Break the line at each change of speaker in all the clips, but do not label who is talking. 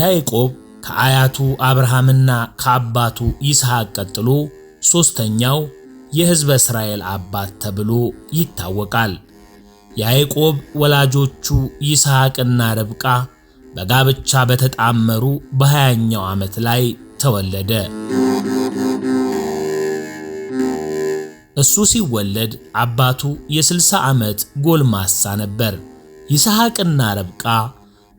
ያዕቆብ ከአያቱ አብርሃምና ከአባቱ ይስሐቅ ቀጥሎ ሦስተኛው የሕዝበ እስራኤል አባት ተብሎ ይታወቃል። ያዕቆብ ወላጆቹ ይስሐቅና ርብቃ በጋብቻ በተጣመሩ በሃያኛው ዓመት ላይ ተወለደ። እሱ ሲወለድ አባቱ የ60 ዓመት ጎልማሳ ነበር። ይስሐቅና ርብቃ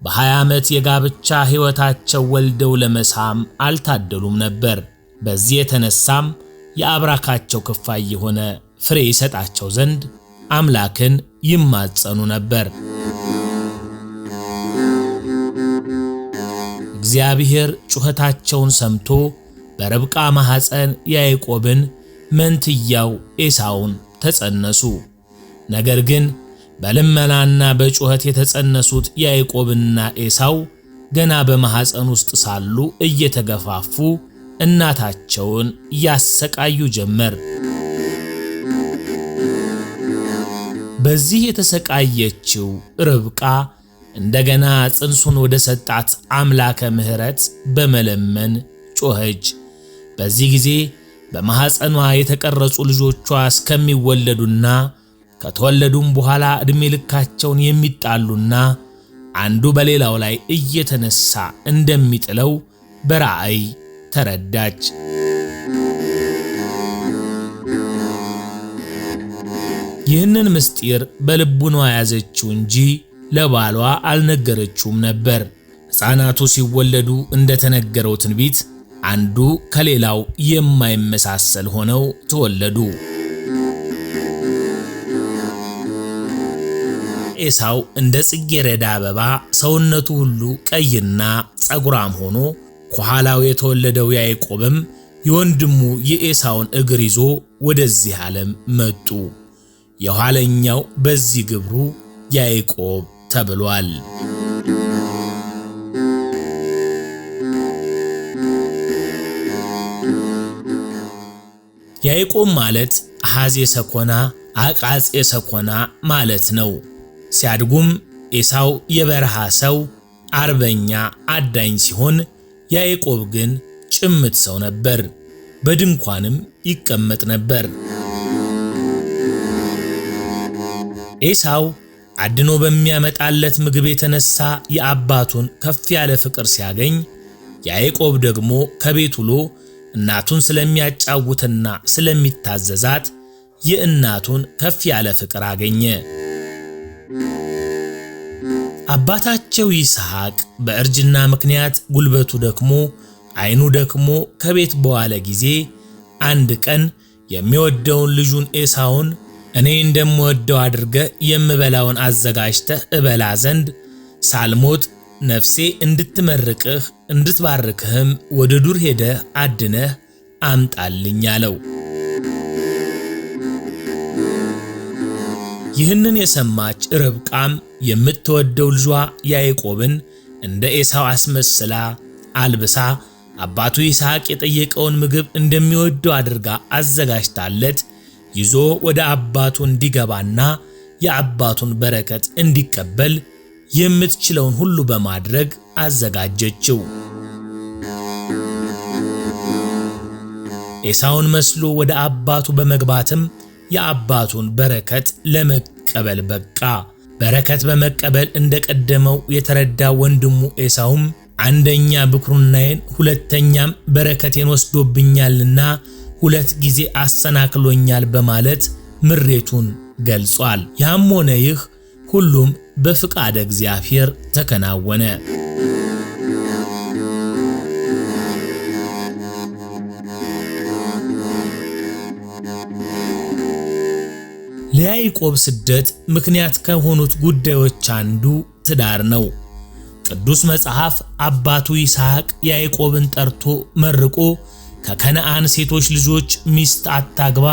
በ20 ዓመት የጋብቻ ሕይወታቸው ወልደው ለመሳም አልታደሉም ነበር። በዚህ የተነሳም የአብራካቸው ክፋይ የሆነ ፍሬ ይሰጣቸው ዘንድ አምላክን ይማጸኑ ነበር። እግዚአብሔር ጩኸታቸውን ሰምቶ በርብቃ ማኅፀን ያዕቆብን መንትያው ኤሳውን ተጸነሱ። ነገር ግን በልመናና በጩኸት የተጸነሱት ያዕቆብና ኤሳው ገና በማኅፀን ውስጥ ሳሉ እየተገፋፉ እናታቸውን ያሰቃዩ ጀመር። በዚህ የተሰቃየችው ርብቃ እንደገና ጽንሱን ወደ ሰጣት አምላከ ምሕረት በመለመን ጮኸች። በዚህ ጊዜ በማኅፀኗ የተቀረጹ ልጆቿ እስከሚወለዱና ከተወለዱም በኋላ ዕድሜ ልካቸውን የሚጣሉና አንዱ በሌላው ላይ እየተነሳ እንደሚጥለው በራእይ ተረዳች። ይህንን ምስጢር በልቡኗ ያዘችው እንጂ ለባሏ አልነገረችውም ነበር። ሕፃናቱ ሲወለዱ እንደተነገረው ትንቢት አንዱ ከሌላው የማይመሳሰል ሆነው ተወለዱ። ኤሳው እንደ ጽጌረዳ አበባ ሰውነቱ ሁሉ ቀይና ጸጉራም ሆኖ ከኋላው የተወለደው ያዕቆብም የወንድሙ የኤሳውን እግር ይዞ ወደዚህ ዓለም መጡ። የኋለኛው በዚህ ግብሩ ያዕቆብ ተብሏል። ያዕቆብ ማለት አሐዜ ሰኮና አቃጼ ሰኮና ማለት ነው። ሲያድጉም ኤሳው የበረሃ ሰው፣ አርበኛ፣ አዳኝ ሲሆን ያዕቆብ ግን ጭምት ሰው ነበር። በድንኳንም ይቀመጥ ነበር። ኤሳው አድኖ በሚያመጣለት ምግብ የተነሳ የአባቱን ከፍ ያለ ፍቅር ሲያገኝ፣ ያዕቆብ ደግሞ ከቤት ውሎ እናቱን ስለሚያጫውትና ስለሚታዘዛት የእናቱን ከፍ ያለ ፍቅር አገኘ። አባታቸው ይስሐቅ በእርጅና ምክንያት ጉልበቱ ደክሞ ዓይኑ ደክሞ ከቤት በዋለ ጊዜ አንድ ቀን የሚወደውን ልጁን ኤሳውን እኔ እንደምወደው አድርገ የምበላውን አዘጋጅተህ እበላ ዘንድ ሳልሞት ነፍሴ እንድትመርቅህ እንድትባርክህም ወደ ዱር ሄደህ አድነህ አምጣልኝ አለው። ይህንን የሰማች ርብቃም የምትወደው ልጇ ያዕቆብን እንደ ኤሳው አስመስላ አልብሳ አባቱ ይስሐቅ የጠየቀውን ምግብ እንደሚወደው አድርጋ አዘጋጅታለት ይዞ ወደ አባቱ እንዲገባና የአባቱን በረከት እንዲቀበል የምትችለውን ሁሉ በማድረግ አዘጋጀችው። ኤሳውን መስሎ ወደ አባቱ በመግባትም የአባቱን በረከት ለመቀበል በቃ። በረከት በመቀበል እንደቀደመው የተረዳ ወንድሙ ኤሳውም አንደኛ ብኩርናዬን ሁለተኛም በረከቴን ወስዶብኛልና ሁለት ጊዜ አሰናክሎኛል በማለት ምሬቱን ገልጿል። ያም ሆነ ይህ ሁሉም በፍቃደ እግዚአብሔር ተከናወነ። ለያዕቆብ ስደት ምክንያት ከሆኑት ጉዳዮች አንዱ ትዳር ነው። ቅዱስ መጽሐፍ አባቱ ይስሐቅ ያዕቆብን ጠርቶ መርቆ ከከነዓን ሴቶች ልጆች ሚስት አታግባ፣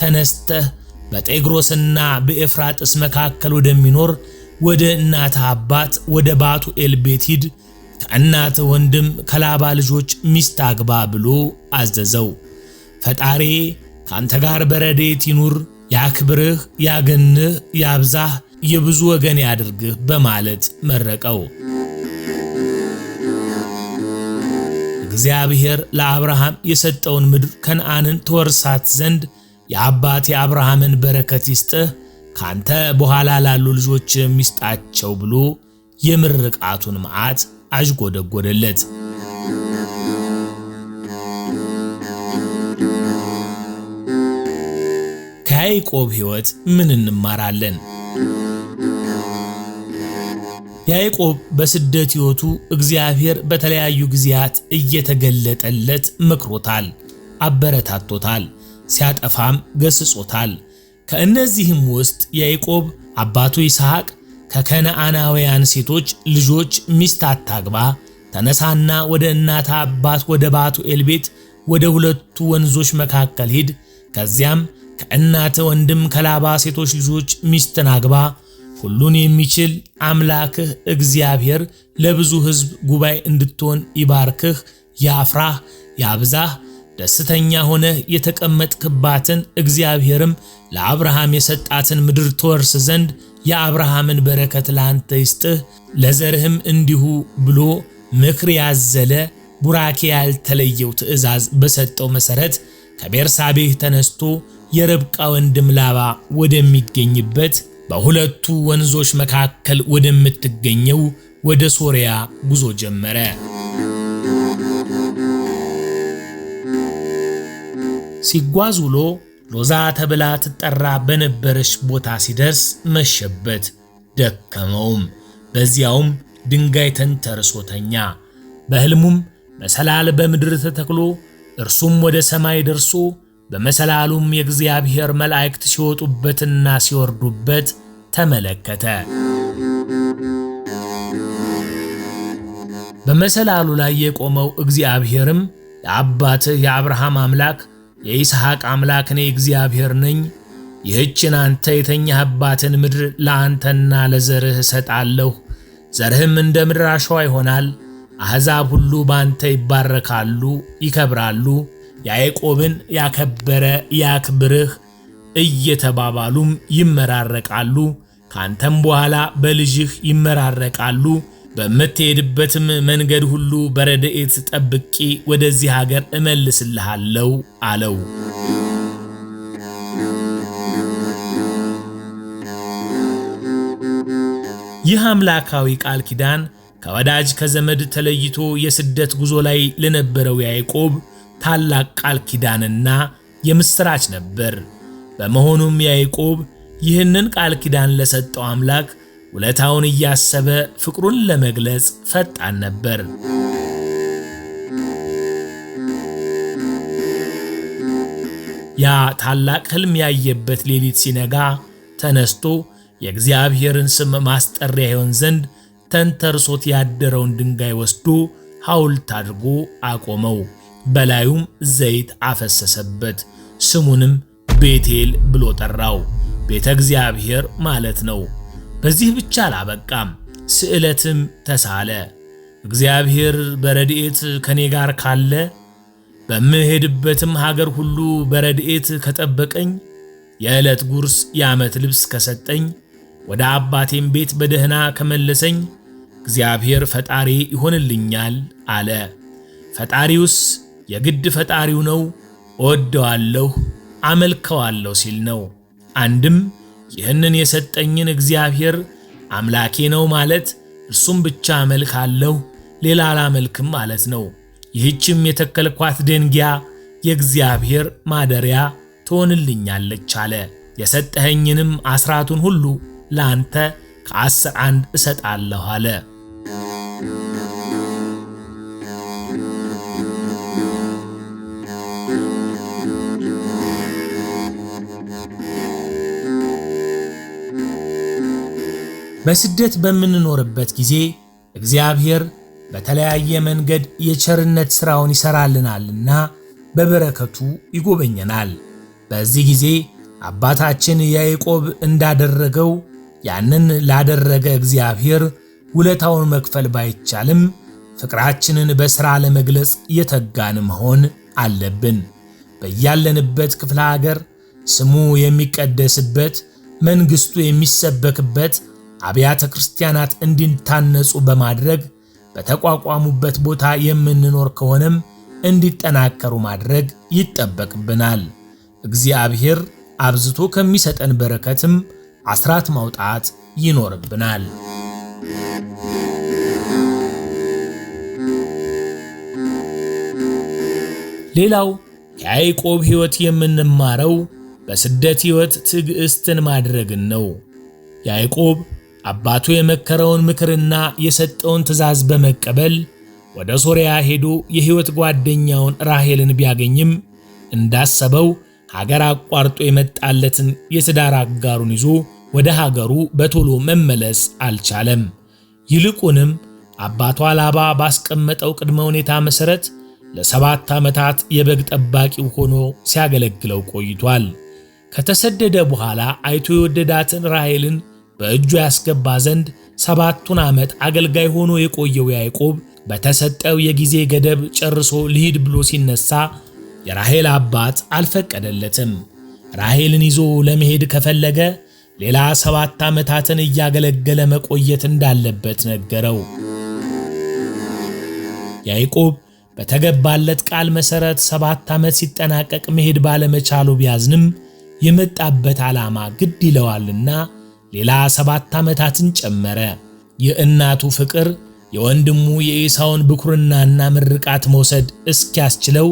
ተነስተህ በጤግሮስና በኤፍራጥስ መካከል ወደሚኖር ወደ እናት አባት ወደ ባቱኤል ቤት ሂድ፣ ወንድም ከላባ ልጆች ሚስት አግባ ብሎ አዘዘው። ፈጣሬ ካንተ ጋር በረዴት ይኑር ያክብርህ፣ ያገንህ፣ ያብዛህ፣ የብዙ ወገን ያድርግህ በማለት መረቀው። እግዚአብሔር ለአብርሃም የሰጠውን ምድር ከነአንን ተወርሳት ዘንድ የአባት የአብርሃምን በረከት ይስጥህ ካንተ በኋላ ላሉ ልጆች የሚስጣቸው ብሎ የምርቃቱን መዓት አዥጎደጎደለት። ከያዕቆብ ሕይወት ምን እንማራለን? ያዕቆብ በስደት ሕይወቱ እግዚአብሔር በተለያዩ ጊዜያት እየተገለጠለት መክሮታል፣ አበረታቶታል፣ ሲያጠፋም ገስጾታል። ከእነዚህም ውስጥ ያዕቆብ አባቱ ይስሐቅ ከከነዓናውያን ሴቶች ልጆች ሚስት አታግባ፣ ተነሳና ወደ እናታ አባት ወደ ባቱኤል ቤት ወደ ሁለቱ ወንዞች መካከል ሂድ፣ ከዚያም ከእናተ ወንድም ከላባ ሴቶች ልጆች ሚስትን አግባ። ሁሉን የሚችል አምላክህ እግዚአብሔር ለብዙ ሕዝብ ጉባኤ እንድትሆን ይባርክህ፣ ያፍራህ፣ ያብዛህ። ደስተኛ ሆነህ የተቀመጥክባትን እግዚአብሔርም ለአብርሃም የሰጣትን ምድር ትወርስ ዘንድ የአብርሃምን በረከት ላንተ ይስጥህ፣ ለዘርህም እንዲሁ ብሎ ምክር ያዘለ ቡራኬ ያልተለየው ትእዛዝ በሰጠው መሠረት ከቤርሳቤህ ተነስቶ የርብቃ ወንድም ላባ ወደሚገኝበት በሁለቱ ወንዞች መካከል ወደምትገኘው ወደ ሶሪያ ጉዞ ጀመረ። ሲጓዝ ውሎ ሎዛ ተብላ ትጠራ በነበረች ቦታ ሲደርስ መሸበት፣ ደከመውም። በዚያውም ድንጋይ ተንተርሶ ተኛ። በሕልሙም መሰላል በምድር ተተክሎ እርሱም ወደ ሰማይ ደርሶ በመሰላሉም የእግዚአብሔር መላእክት ሲወጡበትና ሲወርዱበት ተመለከተ። በመሰላሉ ላይ የቆመው እግዚአብሔርም የአባትህ የአብርሃም አምላክ የይስሐቅ አምላክ እኔ እግዚአብሔር ነኝ፣ ይህችን አንተ የተኛህባትን ምድር ለአንተና ለዘርህ እሰጣለሁ፣ ዘርህም እንደ ምድር አሸዋ ይሆናል፣ አሕዛብ ሁሉ በአንተ ይባረካሉ፣ ይከብራሉ ያዕቆብን ያከበረ ያክብርህ እየተባባሉም ይመራረቃሉ። ካንተም በኋላ በልጅህ ይመራረቃሉ። በምትሄድበትም መንገድ ሁሉ በረድኤት ጠብቂ ወደዚህ ሀገር እመልስልሃለሁ አለው። ይህ አምላካዊ ቃል ኪዳን ከወዳጅ ከዘመድ ተለይቶ የስደት ጉዞ ላይ ለነበረው ያዕቆብ ታላቅ ቃል ኪዳንና የምሥራች ነበር። በመሆኑም ያዕቆብ ይህንን ቃል ኪዳን ለሰጠው አምላክ ውለታውን እያሰበ ፍቅሩን ለመግለጽ ፈጣን ነበር። ያ ታላቅ ሕልም ያየበት ሌሊት ሲነጋ ተነስቶ የእግዚአብሔርን ስም ማስጠሪያ ይሆን ዘንድ ተንተርሶት ያደረውን ድንጋይ ወስዶ ሐውልት አድርጎ አቆመው። በላዩም ዘይት አፈሰሰበት። ስሙንም ቤቴል ብሎ ጠራው። ቤተ እግዚአብሔር ማለት ነው። በዚህ ብቻ አላበቃም፣ ስዕለትም ተሳለ። እግዚአብሔር በረድኤት ከኔ ጋር ካለ በምሄድበትም ሀገር ሁሉ በረድኤት ከጠበቀኝ የዕለት ጉርስ የዓመት ልብስ ከሰጠኝ ወደ አባቴም ቤት በደህና ከመለሰኝ እግዚአብሔር ፈጣሪ ይሆንልኛል አለ። ፈጣሪውስ የግድ ፈጣሪው ነው፣ እወደዋለሁ፣ አመልከዋለሁ ሲል ነው። አንድም ይህንን የሰጠኝን እግዚአብሔር አምላኬ ነው ማለት እርሱም ብቻ አመልካለሁ፣ ሌላ አላመልክም ማለት ነው። ይህችም የተከልኳት ደንጊያ የእግዚአብሔር ማደሪያ ትሆንልኛለች አለ። የሰጠኸኝንም አስራቱን ሁሉ ለአንተ ከአስር አንድ እሰጣለሁ አለ። በስደት በምንኖርበት ጊዜ እግዚአብሔር በተለያየ መንገድ የቸርነት ሥራውን ይሠራልናልና በበረከቱ ይጎበኘናል። በዚህ ጊዜ አባታችን ያዕቆብ እንዳደረገው ያንን ላደረገ እግዚአብሔር ውለታውን መክፈል ባይቻልም ፍቅራችንን በሥራ ለመግለጽ የተጋን መሆን አለብን። በያለንበት ክፍለ ሀገር ስሙ የሚቀደስበት መንግሥቱ የሚሰበክበት አብያተ ክርስቲያናት እንዲታነጹ በማድረግ በተቋቋሙበት ቦታ የምንኖር ከሆነም እንዲጠናከሩ ማድረግ ይጠበቅብናል። እግዚአብሔር አብዝቶ ከሚሰጠን በረከትም አስራት ማውጣት ይኖርብናል። ሌላው ከያዕቆብ ሕይወት የምንማረው በስደት ሕይወት ትዕግሥትን ማድረግን ነው። ያዕቆብ አባቱ የመከረውን ምክርና የሰጠውን ትእዛዝ በመቀበል ወደ ሶርያ ሄዶ የሕይወት ጓደኛውን ራሄልን ቢያገኝም እንዳሰበው ሀገር አቋርጦ የመጣለትን የትዳር አጋሩን ይዞ ወደ ሀገሩ በቶሎ መመለስ አልቻለም። ይልቁንም አባቷ ላባ ባስቀመጠው ቅድመ ሁኔታ መሠረት ለሰባት ዓመታት የበግ ጠባቂው ሆኖ ሲያገለግለው ቆይቷል። ከተሰደደ በኋላ አይቶ የወደዳትን ራሄልን ። በእጁ ያስገባ ዘንድ ሰባቱን ዓመት አገልጋይ ሆኖ የቆየው ያዕቆብ በተሰጠው የጊዜ ገደብ ጨርሶ ልሂድ ብሎ ሲነሳ የራሔል አባት አልፈቀደለትም። ራሔልን ይዞ ለመሄድ ከፈለገ ሌላ ሰባት ዓመታትን እያገለገለ መቆየት እንዳለበት ነገረው። ያዕቆብ በተገባለት ቃል መሠረት ሰባት ዓመት ሲጠናቀቅ መሄድ ባለመቻሉ ቢያዝንም የመጣበት ዓላማ ግድ ይለዋልና ሌላ ሰባት ዓመታትን ጨመረ። የእናቱ ፍቅር የወንድሙ የኢሳውን ብኩርናና ምርቃት መውሰድ እስኪያስችለው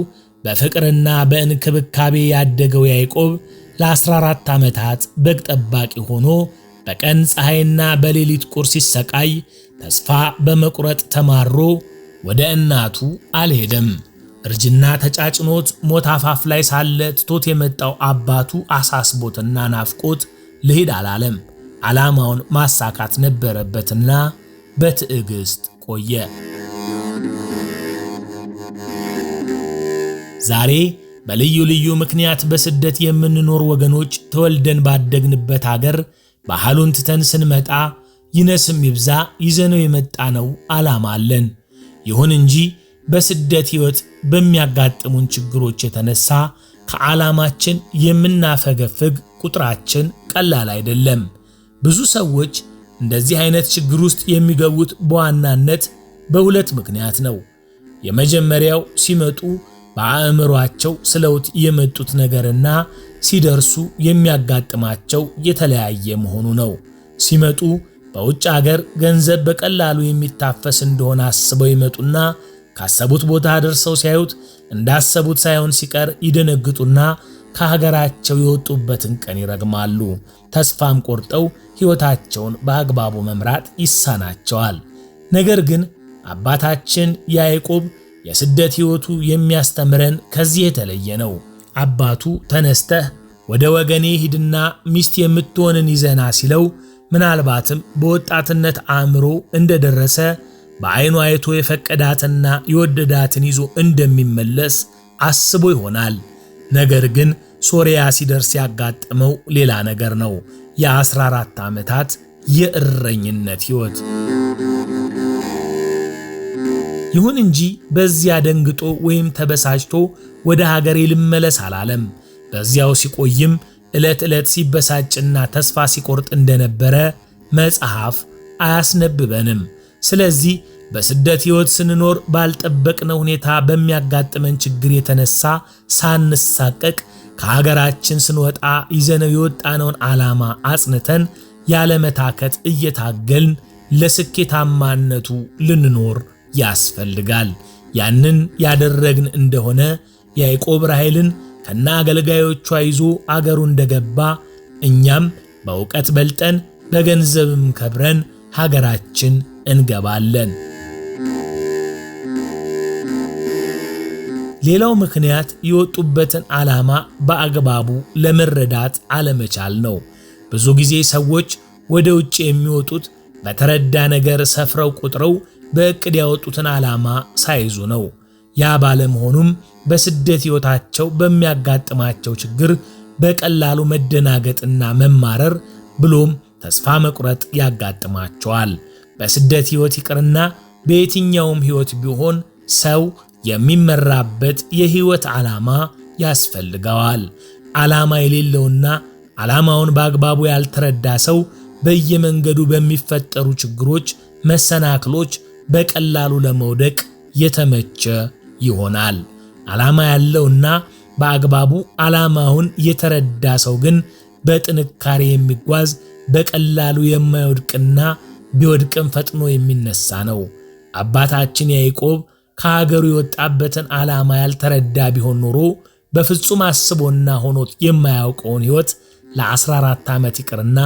በፍቅርና በእንክብካቤ ያደገው ያዕቆብ ለ14 ዓመታት በግ ጠባቂ ሆኖ በቀን ፀሐይና በሌሊት ቁር ሲሰቃይ ተስፋ በመቁረጥ ተማሮ ወደ እናቱ አልሄደም። እርጅና ተጫጭኖት ሞት አፋፍ ላይ ሳለ ትቶት የመጣው አባቱ አሳስቦትና ናፍቆት ልሂድ አላለም። ዓላማውን ማሳካት ነበረበትና በትዕግስት ቆየ። ዛሬ በልዩ ልዩ ምክንያት በስደት የምንኖር ወገኖች ተወልደን ባደግንበት አገር ባህሉን ትተን ስንመጣ ይነስም ይብዛ ይዘነው የመጣነው ዓላማ አለን። ይሁን እንጂ በስደት ሕይወት በሚያጋጥሙን ችግሮች የተነሳ ከዓላማችን የምናፈገፍግ ቁጥራችን ቀላል አይደለም። ብዙ ሰዎች እንደዚህ አይነት ችግር ውስጥ የሚገቡት በዋናነት በሁለት ምክንያት ነው። የመጀመሪያው ሲመጡ በአእምሯቸው ስለውት የመጡት ነገርና ሲደርሱ የሚያጋጥማቸው የተለያየ መሆኑ ነው። ሲመጡ በውጭ አገር ገንዘብ በቀላሉ የሚታፈስ እንደሆነ አስበው ይመጡና ካሰቡት ቦታ ደርሰው ሲያዩት እንዳሰቡት ሳይሆን ሲቀር ይደነግጡና ከሀገራቸው የወጡበትን ቀን ይረግማሉ። ተስፋም ቆርጠው ሕይወታቸውን በአግባቡ መምራት ይሳናቸዋል። ነገር ግን አባታችን ያዕቆብ የስደት ሕይወቱ የሚያስተምረን ከዚህ የተለየ ነው። አባቱ ተነስተህ ወደ ወገኔ ሂድና ሚስት የምትሆንን ይዘና ሲለው ምናልባትም በወጣትነት አእምሮ እንደደረሰ በዓይኑ አይቶ የፈቀዳትና የወደዳትን ይዞ እንደሚመለስ አስቦ ይሆናል። ነገር ግን ሶሪያ ሲደርስ ያጋጠመው ሌላ ነገር ነው። የ14 ዓመታት የእረኝነት ሕይወት። ይሁን እንጂ በዚያ ደንግጦ ወይም ተበሳጭቶ ወደ ሀገሬ ልመለስ አላለም። በዚያው ሲቆይም ዕለት ዕለት ሲበሳጭና ተስፋ ሲቆርጥ እንደነበረ መጽሐፍ አያስነብበንም። ስለዚህ በስደት ሕይወት ስንኖር ባልጠበቅነው ሁኔታ በሚያጋጥመን ችግር የተነሳ ሳንሳቀቅ ከሀገራችን ስንወጣ ይዘነው የወጣነውን ዓላማ አጽንተን ያለመታከት እየታገልን ለስኬታማነቱ ልንኖር ያስፈልጋል። ያንን ያደረግን እንደሆነ ያዕቆብ ራሔልን ከና አገልጋዮቿ ይዞ አገሩ እንደገባ እኛም በእውቀት በልጠን በገንዘብም ከብረን ሀገራችን እንገባለን። ሌላው ምክንያት የወጡበትን ዓላማ በአግባቡ ለመረዳት አለመቻል ነው። ብዙ ጊዜ ሰዎች ወደ ውጭ የሚወጡት በተረዳ ነገር ሰፍረው ቁጥረው በእቅድ ያወጡትን ዓላማ ሳይዙ ነው። ያ ባለመሆኑም በስደት ሕይወታቸው በሚያጋጥማቸው ችግር በቀላሉ መደናገጥና መማረር ብሎም ተስፋ መቁረጥ ያጋጥማቸዋል። በስደት ሕይወት ይቅርና በየትኛውም ሕይወት ቢሆን ሰው የሚመራበት የህይወት ዓላማ ያስፈልገዋል። ዓላማ የሌለውና ዓላማውን በአግባቡ ያልተረዳ ሰው በየመንገዱ በሚፈጠሩ ችግሮች፣ መሰናክሎች በቀላሉ ለመውደቅ የተመቸ ይሆናል። ዓላማ ያለውና በአግባቡ ዓላማውን የተረዳ ሰው ግን በጥንካሬ የሚጓዝ በቀላሉ የማይወድቅና ቢወድቅም ፈጥኖ የሚነሳ ነው። አባታችን ያዕቆብ ከሀገሩ የወጣበትን ዓላማ ያልተረዳ ቢሆን ኖሮ በፍጹም አስቦና ሆኖት የማያውቀውን ሕይወት ለ14 ዓመት ይቅርና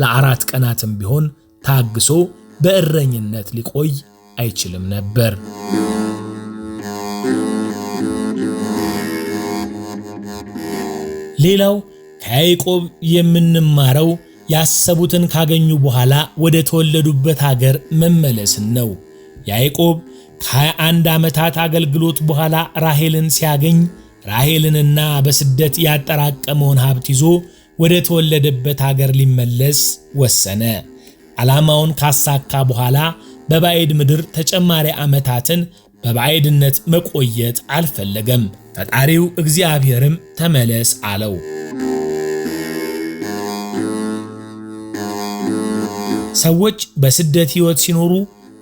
ለአራት ቀናትም ቢሆን ታግሶ በእረኝነት ሊቆይ አይችልም ነበር። ሌላው ከያዕቆብ የምንማረው ያሰቡትን ካገኙ በኋላ ወደ ተወለዱበት አገር መመለስን ነው። ያዕቆብ ከ21 ዓመታት አገልግሎት በኋላ ራሄልን ሲያገኝ ራሄልንና በስደት ያጠራቀመውን ሀብት ይዞ ወደ ተወለደበት አገር ሊመለስ ወሰነ። ዓላማውን ካሳካ በኋላ በባዕድ ምድር ተጨማሪ ዓመታትን በባዕድነት መቆየት አልፈለገም። ፈጣሪው እግዚአብሔርም ተመለስ አለው። ሰዎች በስደት ሕይወት ሲኖሩ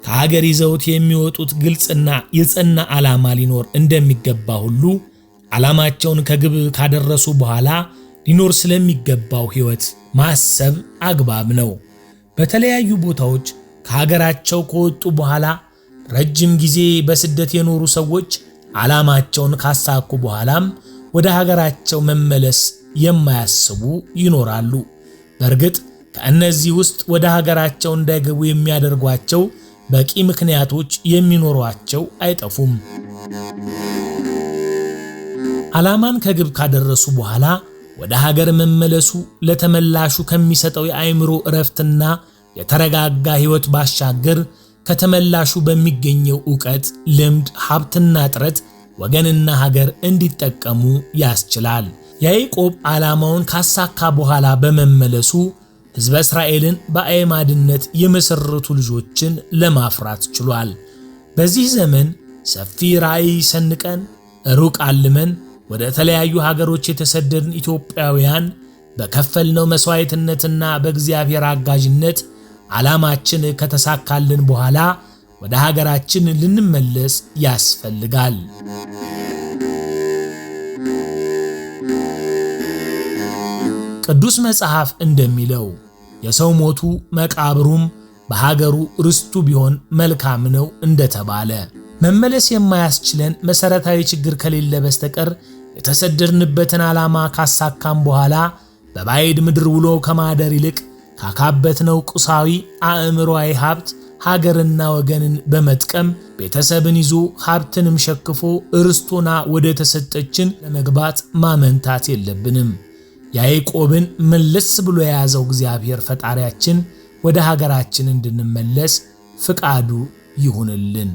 ከሀገር ይዘውት የሚወጡት ግልጽና የጸና ዓላማ ሊኖር እንደሚገባ ሁሉ ዓላማቸውን ከግብ ካደረሱ በኋላ ሊኖር ስለሚገባው ሕይወት ማሰብ አግባብ ነው። በተለያዩ ቦታዎች ከሀገራቸው ከወጡ በኋላ ረጅም ጊዜ በስደት የኖሩ ሰዎች ዓላማቸውን ካሳኩ በኋላም ወደ ሀገራቸው መመለስ የማያስቡ ይኖራሉ። በእርግጥ ከእነዚህ ውስጥ ወደ ሀገራቸው እንዳይገቡ የሚያደርጓቸው በቂ ምክንያቶች የሚኖሯቸው አይጠፉም። ዓላማን ከግብ ካደረሱ በኋላ ወደ ሀገር መመለሱ ለተመላሹ ከሚሰጠው የአእምሮ እረፍትና የተረጋጋ ሕይወት ባሻገር ከተመላሹ በሚገኘው ዕውቀት፣ ልምድ፣ ሀብትና ጥረት ወገንና ሀገር እንዲጠቀሙ ያስችላል። ያዕቆብ ዓላማውን ካሳካ በኋላ በመመለሱ ሕዝበ እስራኤልን በአዕማድነት የመሠረቱ ልጆችን ለማፍራት ችሏል። በዚህ ዘመን ሰፊ ራእይ ሰንቀን ሩቅ አልመን ወደ ተለያዩ ሀገሮች የተሰደድን ኢትዮጵያውያን በከፈልነው መሥዋዕትነትና በእግዚአብሔር አጋዥነት ዓላማችን ከተሳካልን በኋላ ወደ ሀገራችን ልንመለስ ያስፈልጋል። ቅዱስ መጽሐፍ እንደሚለው የሰው ሞቱ መቃብሩም በሀገሩ ርስቱ ቢሆን መልካም ነው እንደተባለ መመለስ የማያስችለን መሰረታዊ ችግር ከሌለ በስተቀር የተሰደድንበትን ዓላማ ካሳካም በኋላ በባዕድ ምድር ውሎ ከማደር ይልቅ ካካበትነው ቁሳዊ አእምሮዊ ሀብት ሀገርና ወገንን በመጥቀም ቤተሰብን ይዞ ሀብትንም ሸክፎ እርስቱና ወደ ተሰጠችን ለመግባት ማመንታት የለብንም። ያዕቆብን መለስ ብሎ የያዘው እግዚአብሔር ፈጣሪያችን ወደ ሀገራችን እንድንመለስ ፍቃዱ ይሁንልን።